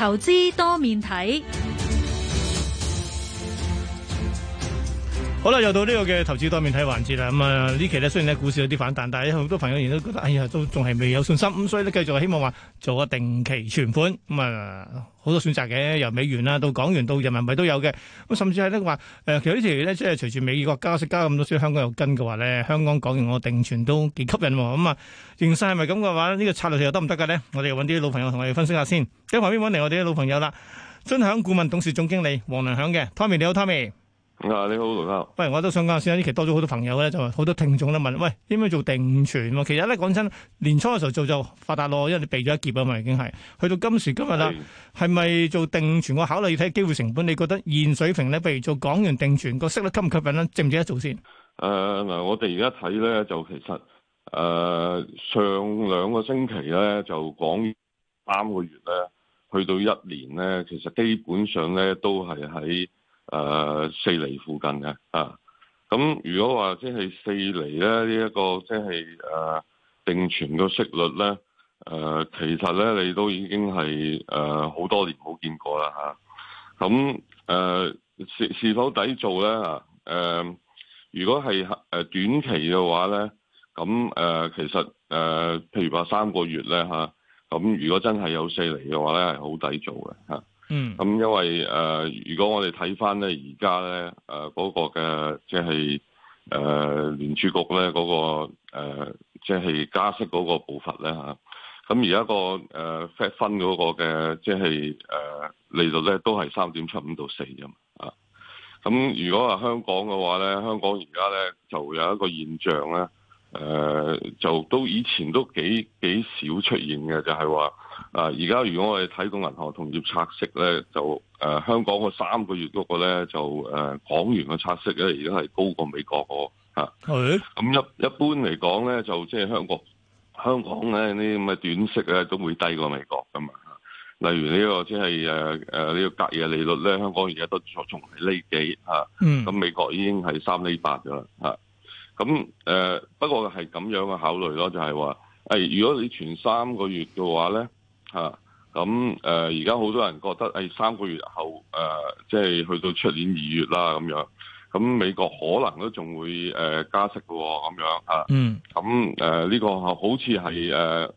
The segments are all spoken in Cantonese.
投資多面睇。好啦，又到呢個嘅投資多面睇環節啦。咁、嗯、啊，期呢期咧雖然咧股市有啲反彈，但係好多朋友仍都覺得，哎呀，都仲係未有信心。咁、嗯、所以咧，繼續希望話做個定期存款。咁、嗯、啊，好多選擇嘅，由美元啊到港元到人民幣都有嘅。咁、嗯、甚至係呢話，誒、呃，其實期呢期咧即係隨住美國加息加咁多，所以香港又跟嘅話咧，香港港元嘅定存都幾吸引、啊。咁、嗯、啊，形勢係咪咁嘅話呢、這個策略又得唔得嘅呢？我哋揾啲老朋友同我哋分析下先。喺旁邊揾嚟我哋啲老朋友啦，臻享顧、顧問董事總經理王良享嘅 Tommy 你好 Tommy。啊！你好，盧生。喂，我都想講先啊！呢期多咗好多朋友咧，就好多聽眾咧問：喂，點樣做定存？其實咧，講真，年初嘅時候做就發達咯，因為你避咗一劫啊嘛，已經係。去到今時今日啦，係咪是做定存？我考慮睇機會成本，你覺得現水平咧，譬如做港元定存個息率吸唔吸引咧，值唔值得做先？誒，嗱，我哋而家睇咧，就其實誒、呃，上兩個星期咧，就講三個月咧，去到一年咧，其實基本上咧都係喺。誒、呃，四厘附近嘅啊，咁如果話即係四厘咧，呢、這、一個即係誒定存嘅息率咧，誒、啊，其實咧你都已經係誒好多年冇見過啦吓，咁、啊、誒、啊、是是否抵做咧？誒、啊，如果係誒短期嘅話咧，咁、啊、誒、啊、其實誒、啊，譬如話三個月咧吓，咁、啊啊、如果真係有四厘嘅話咧，係好抵做嘅吓。啊嗯，咁因為誒、呃，如果我哋睇翻咧，而家咧誒，嗰個嘅即係誒，聯、就、儲、是呃、局咧嗰個誒，即、呃、係、就是、加息嗰個步伐咧吓，咁而家個誒，Fed Fund 嗰個嘅即係誒，利率咧都係三點七五到四啫嘛，啊，咁、啊嗯、如果話香港嘅話咧，香港而家咧就有一個現象咧。誒、呃，就都以前都幾幾少出現嘅，就係話啊，而、呃、家如果我哋睇到銀行同業拆息咧，就誒、呃、香港個三個月嗰個咧就誒、呃、港元嘅拆息咧，而家係高過美國個吓。係、啊。咁一是、嗯、一般嚟講咧，就即係香港香港咧呢咁嘅短息咧，都會低過美國噶嘛、啊。例如呢、這個即係誒誒呢個隔夜利率咧，香港而家都仲係呢幾吓。咁美國已經係三厘八噶啦吓。嗯嗯咁誒、呃、不過係咁樣嘅考慮咯，就係話誒，如果你存三個月嘅話咧嚇，咁誒而家好多人覺得誒三個月後誒、啊，即係去到出年二月啦咁樣，咁、啊、美國可能都仲會誒、呃、加息嘅喎、啊，咁樣嚇。嗯、啊。咁誒呢個好似係誒誒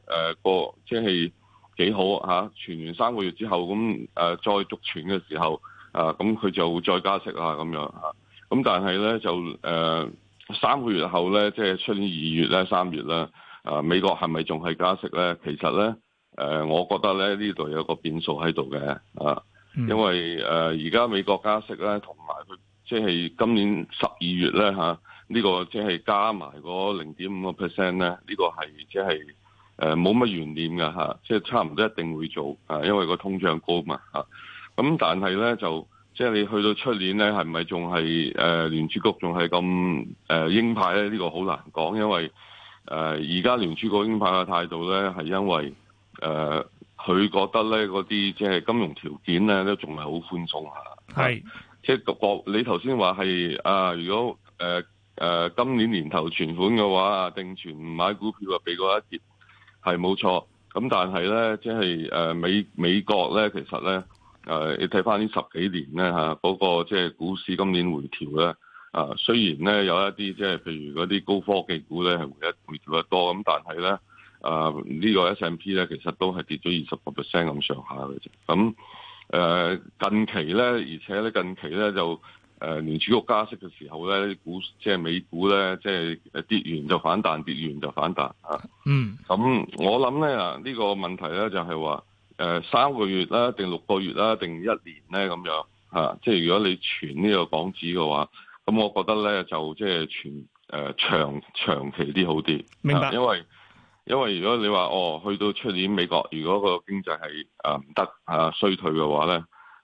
個即係幾好嚇、啊，存完三個月之後咁誒、啊、再續存嘅時候啊，咁、啊、佢就會再加息啊咁樣嚇。咁、啊、但係咧就誒。啊三個月後咧，即係出年二月咧、三月咧，啊，美國係咪仲係加息咧？其實咧，誒、呃，我覺得咧呢度有個變數喺度嘅，啊，因為誒而家美國加息咧，同埋佢即係今年十二月咧嚇、啊，這個，呢、這個即係加埋嗰零點五個 percent 咧，呢個係即係誒冇乜懸念嘅嚇，即、啊、係、就是、差唔多一定會做，啊，因為個通脹高嘛嚇，咁、啊啊、但係咧就。即係你去到出年咧，係咪仲係誒聯儲局仲係咁誒鷹派咧？呢、呢個好難講，因為誒而家聯儲局鷹派嘅態度咧，係因為誒佢、呃、覺得咧嗰啲即係金融條件咧都仲係好寬鬆下。係一口、嗯、即係獨國，你頭先話係啊，如果誒誒、呃呃、今年年頭存款嘅話啊，定存買股票啊，避過一劫係冇錯。咁但係咧，即係誒美美國咧，其實咧。一口誒、啊，你睇翻呢十幾年咧吓，嗰、啊那個即係股市今年回調咧，啊，雖然咧有一啲即係譬如嗰啲高科技股咧係回調回調得多，咁但係咧，啊呢、這個 S&P 咧其實都係跌咗二十個 percent 咁上下嘅啫。咁誒、啊、近期咧，而且咧近期咧就誒聯儲局加息嘅時候咧，股即係、就是、美股咧即係跌完就反彈，跌完就反彈啊。嗯。咁我諗咧啊，呢、這個問題咧就係、是、話。誒三個月啦，定六個月啦，定一年咧咁樣嚇、啊，即係如果你存呢個港紙嘅話，咁我覺得咧就即係存誒長長期啲好啲。明白，啊、因為因為如果你話哦，去到出年美國，如果個經濟係誒唔得嚇、啊、衰退嘅話咧，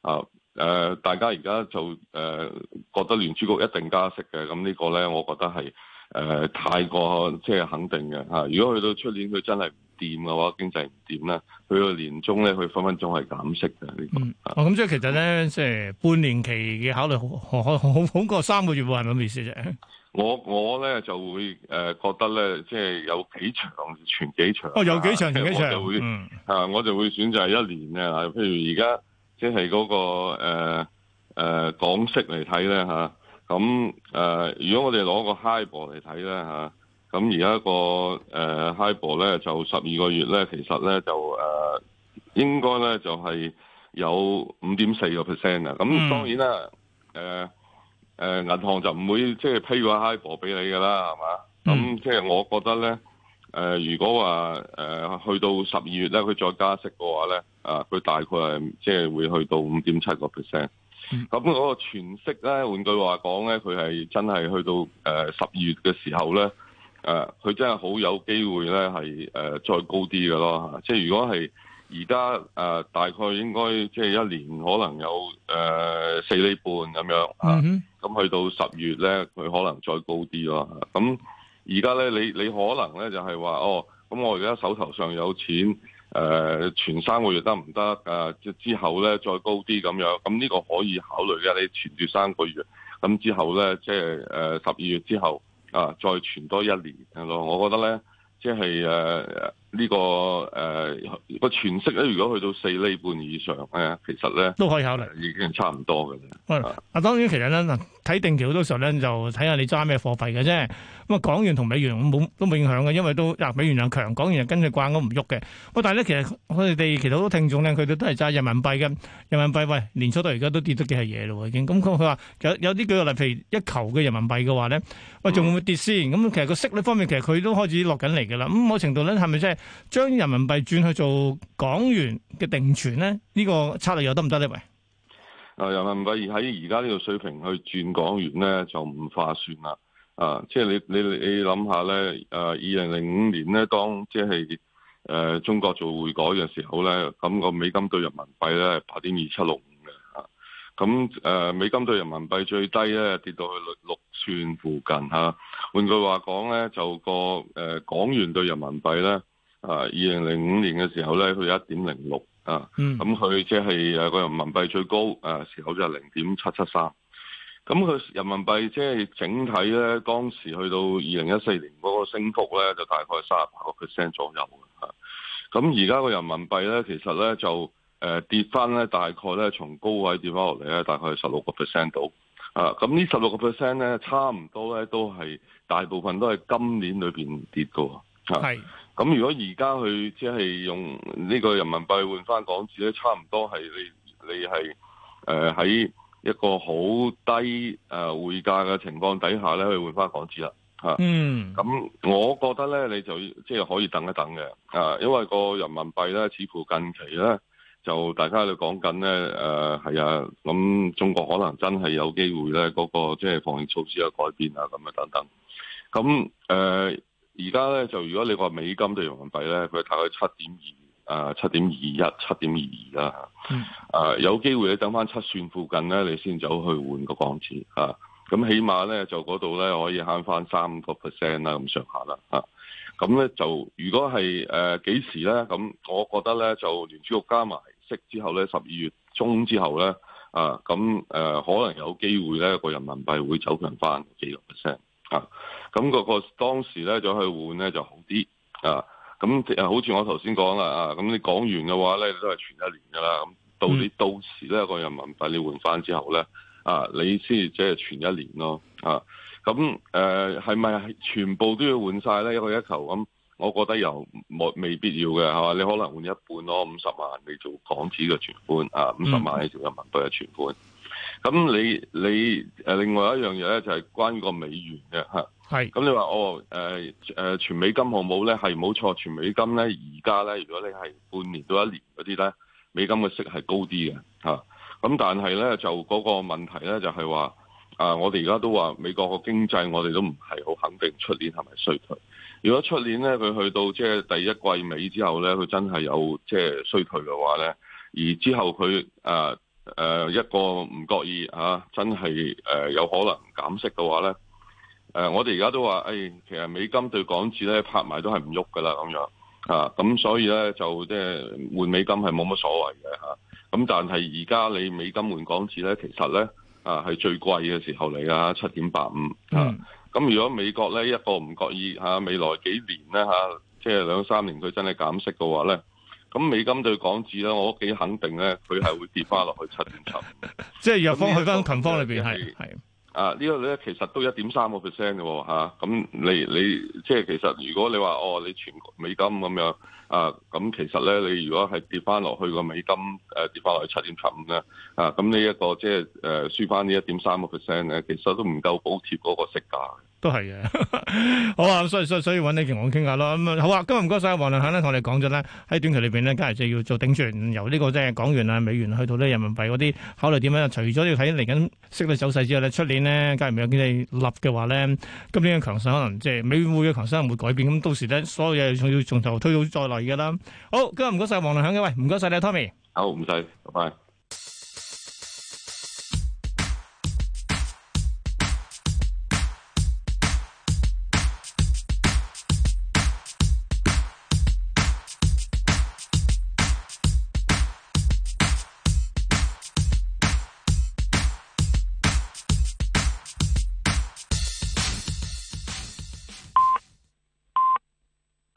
啊誒、呃、大家而家就誒、呃、覺得聯儲局一定加息嘅，咁、嗯這個、呢個咧我覺得係誒、呃、太過即係肯定嘅嚇、啊。如果去到出年佢真係掂嘅話經濟唔掂啦，佢個年中咧，佢分分鐘係減息嘅呢、這個、嗯。哦，咁即係其實咧，即係半年期嘅考慮，好好好過三個月喎，係咪咁意思啫？我我咧就會誒覺得咧，即係有幾長存幾長。哦，有幾長存幾長，我就會、嗯、我就會選擇一年嘅。譬如而家即係嗰、那個誒、呃呃、港息嚟睇咧嚇，咁、啊、誒、呃、如果我哋攞個 high 博嚟睇咧嚇。啊咁而家個誒 HIBOR 咧就十二個月咧，其實咧就誒、呃、應該咧就係、是、有五點四個 percent 啊！咁、mm. 當然啦，誒、呃、誒、呃、銀行就唔會即係批個 HIBOR 俾你嘅啦，係嘛？咁即係我覺得咧，誒、呃、如果話誒、呃、去到十二月咧，佢再加息嘅話咧，啊、呃、佢大概係即係會去到五點七個 percent。咁嗰個存息咧，換句話講咧，佢係真係去到誒十二月嘅時候咧。誒，佢、啊、真係好有機會咧，係誒、呃、再高啲嘅咯嚇。即係如果係而家誒，大概應該即係一年可能有誒四厘半咁樣嚇。咁去、mm hmm. 啊、到十月咧，佢可能再高啲咯。咁而家咧，你你可能咧就係、是、話哦，咁我而家手頭上有錢誒，存、呃、三個月得唔得？誒、啊，即係之後咧再高啲咁樣。咁呢個可以考慮嘅，你存住三個月，咁之後咧即係誒十二月之後。啊！再存多一年係咯，我覺得咧，即係誒。Uh, 這個呃、全呢個誒個存息咧，如果去到四厘半以上咧、呃，其實咧都可以考慮，已經差唔多嘅啫。啊當然其實咧，睇定期好多時候咧，就睇下你揸咩貨幣嘅啫。咁、嗯、啊，港元同美元冇都冇影響嘅，因為都啊美元啊強，港元跟住慣咗唔喐嘅。喂，但係咧其實我哋哋其實好多聽眾咧，佢哋都係揸人民幣嘅。人民幣喂，the, 年初到而家都跌得幾係嘢咯，已經。咁佢話有有啲舉個例，譬如一球嘅人民幣嘅話咧，喂，仲會唔會跌先？咁其實個息率方面，其實佢都開始落緊嚟嘅啦。咁某程度咧，係咪即係？將人民幣轉去做港元嘅定存咧，呢、這個策略又得唔得呢？喂，啊，人民幣喺而家呢個水平去轉港元咧，就唔划算啦。啊，即係你你你諗下咧，誒、啊，二零零五年咧，當即係誒、呃、中國做匯改嘅時候咧，咁、那個美金對人民幣咧係八點二七六五嘅吓，咁誒、啊呃、美金對人民幣最低咧跌到去六算附近吓、啊。換句話講咧，就個誒、呃、港元對人民幣咧。啊，二零零五年嘅時候咧，佢一點零六啊，咁佢即係誒個人民幣最高誒時候就零點七七三，咁佢人民幣即係整體咧，當時去到二零一四年嗰個升幅咧，就大概三十八個 percent 左右吓，咁而家個人民幣咧，其實咧就誒、呃、跌翻咧，大概咧從高位跌翻落嚟咧，大概十六個 percent 度啊，咁呢十六個 percent 咧，差唔多咧都係大部分都係今年裏邊跌嘅吓。咁如果而家去即係用呢個人民幣換翻港紙咧，差唔多係你你係誒喺一個好低誒匯價嘅情況底下咧，去換翻港紙啦吓，啊、嗯。咁、嗯、我覺得咧，你就即係可以等一等嘅啊，因為個人民幣咧，似乎近期咧就大家喺度講緊咧誒，係、呃、啊，咁中國可能真係有機會咧，嗰個即係防疫措施嘅改變啊，咁啊等等。咁、啊、誒。呃而家咧就如果你話美金對人民幣咧，佢大概七點二啊，七點二一、七點二二啦嚇。有機會咧，等翻七算附近咧，你先走去換個港紙嚇。咁、啊、起碼咧就嗰度咧可以慳翻三個 percent 啦，咁上下啦嚇。咁、啊、咧就如果係誒幾時咧，咁我覺得咧就聯儲局加埋息之後咧，十二月中之後咧啊，咁誒、呃、可能有機會咧個人民幣會走強翻幾個 percent。啊，咁、那、嗰個當時咧就去換咧就好啲，啊，咁好似我頭先講啦，啊，咁你港元嘅話咧都係存一年噶啦，咁到你、嗯、到時咧個人民幣你換翻之後咧，啊，你先至即係存一年咯，啊，咁誒係咪係全部都要換晒咧一個一球咁、啊？我覺得又冇未必要嘅嚇，你可能換一半咯，五十萬你做港紙嘅存款，啊，五十萬你做人民幣嘅存款。嗯。咁你你誒另外一樣嘢咧，就係關於個美元嘅嚇。係咁是你話哦誒誒、呃、全美金好冇咧？係冇錯，全美金咧而家咧，如果你係半年到一年嗰啲咧，美金嘅息係高啲嘅嚇。咁、啊、但係咧就嗰個問題咧，就係、是、話啊，我哋而家都話美國個經濟，我哋都唔係好肯定出年係咪衰退。如果出年咧佢去到即係第一季尾之後咧，佢真係有即係衰退嘅話咧，而之後佢誒。啊誒、呃，一個唔覺意吓、啊，真係誒、呃、有可能減息嘅話咧，誒、呃，我哋而家都話，誒、哎，其實美金對港紙咧拍埋都係唔喐噶啦，咁樣吓，咁、啊、所以咧就即係換美金係冇乜所謂嘅吓，咁、啊、但係而家你美金換港紙咧，其實咧啊係最貴嘅時候嚟啊，七點八五啊，咁、嗯啊、如果美國咧一個唔覺意吓、啊，未來幾年咧吓、啊，即係兩三年佢真係減息嘅話咧。咁美金對港紙咧，我幾肯定咧，佢係會跌翻落去七點七五。即係弱方去翻近方裏邊係係啊，呢、這個咧其實都一點三個 percent 嘅喎。咁你你即係其實如果你話哦，你全美金咁樣啊，咁其實咧你如果係跌翻落去個美金誒跌翻落去七點七五咧啊，咁、啊就是啊、呢一個即係誒輸翻呢一點三個 percent 咧，其實都唔夠補貼嗰個息價。都係嘅，好啊，所以所以所以搵你同我傾下咯，咁好啊，今日唔該晒王良享咧，同我哋講咗咧，喺短期裏邊咧，梗係就要做定存，由呢個即係港元啊、美元去、啊、到呢人民幣嗰啲，考慮點樣啊？除咗要睇嚟緊息率走勢之外咧，出年呢梗係未有經濟立嘅話咧，今年嘅強勢可能即係美匯嘅強勢，可能會改變，咁到時咧，所有嘢仲要從頭推到再嚟噶啦。好，今日唔該晒王良享嘅，喂，唔該晒你，Tommy，好唔該。